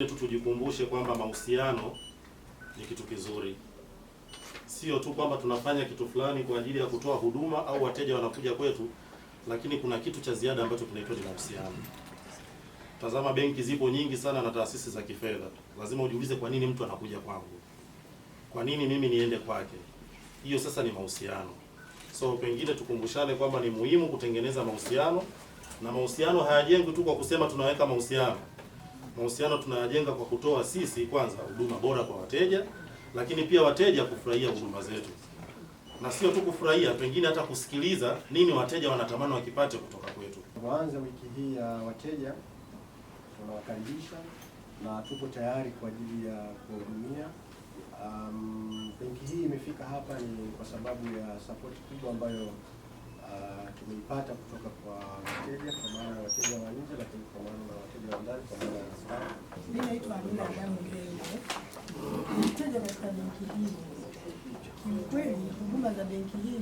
yetu tujikumbushe kwamba mahusiano ni kitu kizuri, sio tu kwamba tunafanya kitu fulani kwa ajili ya kutoa huduma au wateja wanakuja kwetu, lakini kuna kitu cha ziada ambacho tunaitwa ni mahusiano. Tazama, benki zipo nyingi sana na taasisi za kifedha, lazima ujiulize, kwa nini mtu anakuja kwangu? Kwa nini mimi niende kwake? Hiyo sasa ni mahusiano. So pengine tukumbushane kwamba ni muhimu kutengeneza mahusiano, na mahusiano hayajengwi tu kwa kusema tunaweka mahusiano mahusiano tunayajenga kwa kutoa sisi kwanza huduma bora kwa wateja, lakini pia wateja kufurahia huduma zetu, na sio tu kufurahia, pengine hata kusikiliza nini wateja wanatamani wakipate kutoka kwetu. Tunaanza wiki hii ya wateja, tunawakaribisha na tupo tayari kwa ajili ya kuhudumia. Um, benki hii imefika hapa ni kwa sababu ya sapoti kubwa ambayo Uh, tumeipata kutoka kwa wateja kwa maana ya wateja wa nje, lakini kwa maana na wateja wa ndani kwa maana mimi naitwa Amina Adamu Bengo, mteja katika benki hii. Kiukweli huduma za benki hii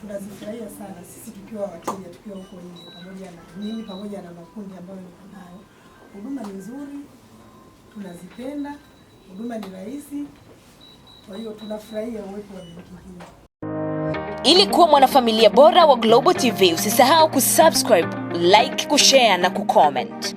tunazifurahia sana sisi tukiwa wateja, tukiwa huko nje, pamoja na mimi pamoja na makundi ambayo niko nayo. Huduma ni nzuri, tunazipenda, huduma ni rahisi, kwa hiyo tunafurahia uwepo wa benki hii. Ili kuwa mwanafamilia bora wa Global TV, usisahau kusubscribe, like, kushare na kucomment.